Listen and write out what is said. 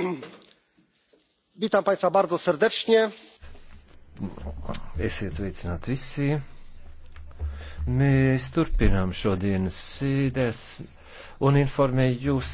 Witam Państwa bardzo serdecznie. Esiet sveicināti visi. Mēs turpinām šodienas sēdes un informēju jūs,